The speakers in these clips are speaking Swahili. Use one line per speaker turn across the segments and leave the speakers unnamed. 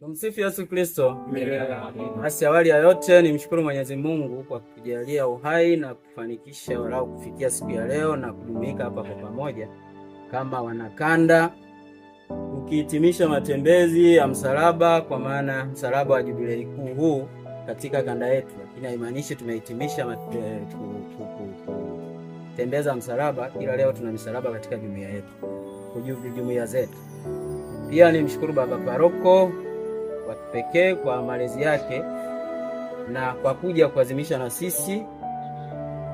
Tumsifu Yesu Kristo. Basi awali ya yote mshukuru Mwenyezi Mungu kwa kutujalia uhai na kufanikisha walau kufikia siku ya leo na kujumuika hapa kwa pamoja kama wanakanda, ukihitimisha matembezi ya msalaba, kwa maana msalaba wa Jubilei kuu huu katika kanda yetu, lakini haimaanishi tumehitimisha mate... Eh, msalaba. ila leo tuna msalaba katika jumuiya yetu, jumuiya zetu. Pia mshukuru baba paroko kwa pekee kwa malezi yake na kwa kuja kuadhimisha na sisi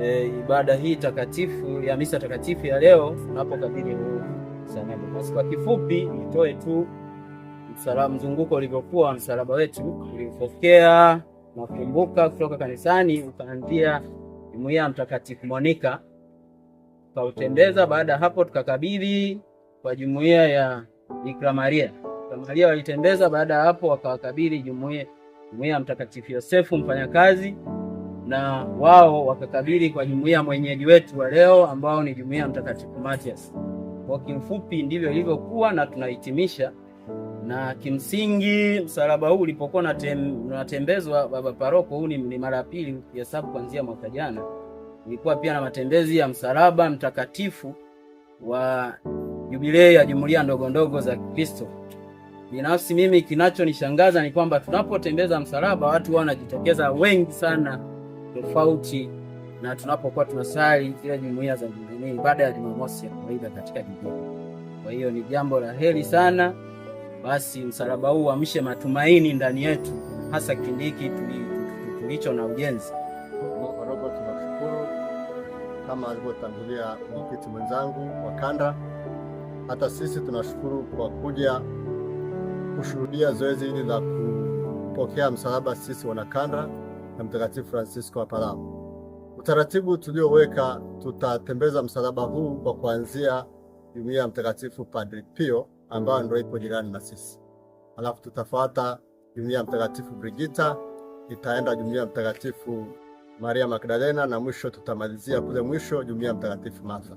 e, ibada hii takatifu ya misa takatifu ya leo unapokabidhi huu sanamu. Basi kwa kifupi nitoe tu msalaba mzunguko ulivyokuwa msalaba wetu ulipokea nakumbuka kutoka kanisani ukaanzia jumuiya ya Mtakatifu Monika tukautendeza. Baada ya hapo, tukakabidhi kwa jumuiya ya Bikira Maria. Samaria walitembeza. Baada ya hapo, wakawakabili jumuiya ya Mtakatifu Yosefu mfanyakazi, na wao wakakabili kwa jumuiya mwenyeji wetu wa leo ambao ni jumuiya Mtakatifu Matias. Kwa kimfupi, ndivyo ilivyokuwa na tunahitimisha na kimsingi msalaba huu ulipokuwa unatembezwa baba paroko, huu ni mara ya pili hesabu kuanzia mwaka jana, ilikuwa pia na matembezi ya msalaba mtakatifu wa jubilei ya jumuiya ndogo ndogo za Kikristo. Binafsi mimi kinachonishangaza ni kwamba tunapotembeza msalaba watu wanajitokeza wengi sana, tofauti na tunapokuwa tunasali zile jumuiya za Jubilei baada ya Jumamosi ya kawaida katika jijini. Kwa hiyo ni jambo la heri sana. Basi msalaba huu uamshe matumaini ndani yetu, hasa kipindi hiki tulicho na ujenzi.
Robo, tunashukuru kama alivyotangulia mwenyekiti mwenzangu wa kanda, hata sisi tunashukuru kwa kuja kushuhudia zoezi hili la kupokea msalaba sisi wanakanda na Mtakatifu Francisco wa Palau. Utaratibu tulioweka, tutatembeza msalaba huu kwa kuanzia jumuiya ya Mtakatifu Padre Pio ambayo ndio ipo jirani na sisi, alafu tutafuata jumuiya ya Mtakatifu Brigita, itaenda jumuiya ya Mtakatifu Maria Magdalena na mwisho tutamalizia kule mwisho jumuiya ya Mtakatifu Martha.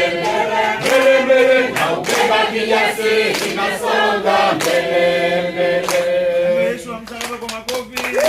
kinyasi kinasonga mbele mbele. Yesu, msalaba kwa makofi.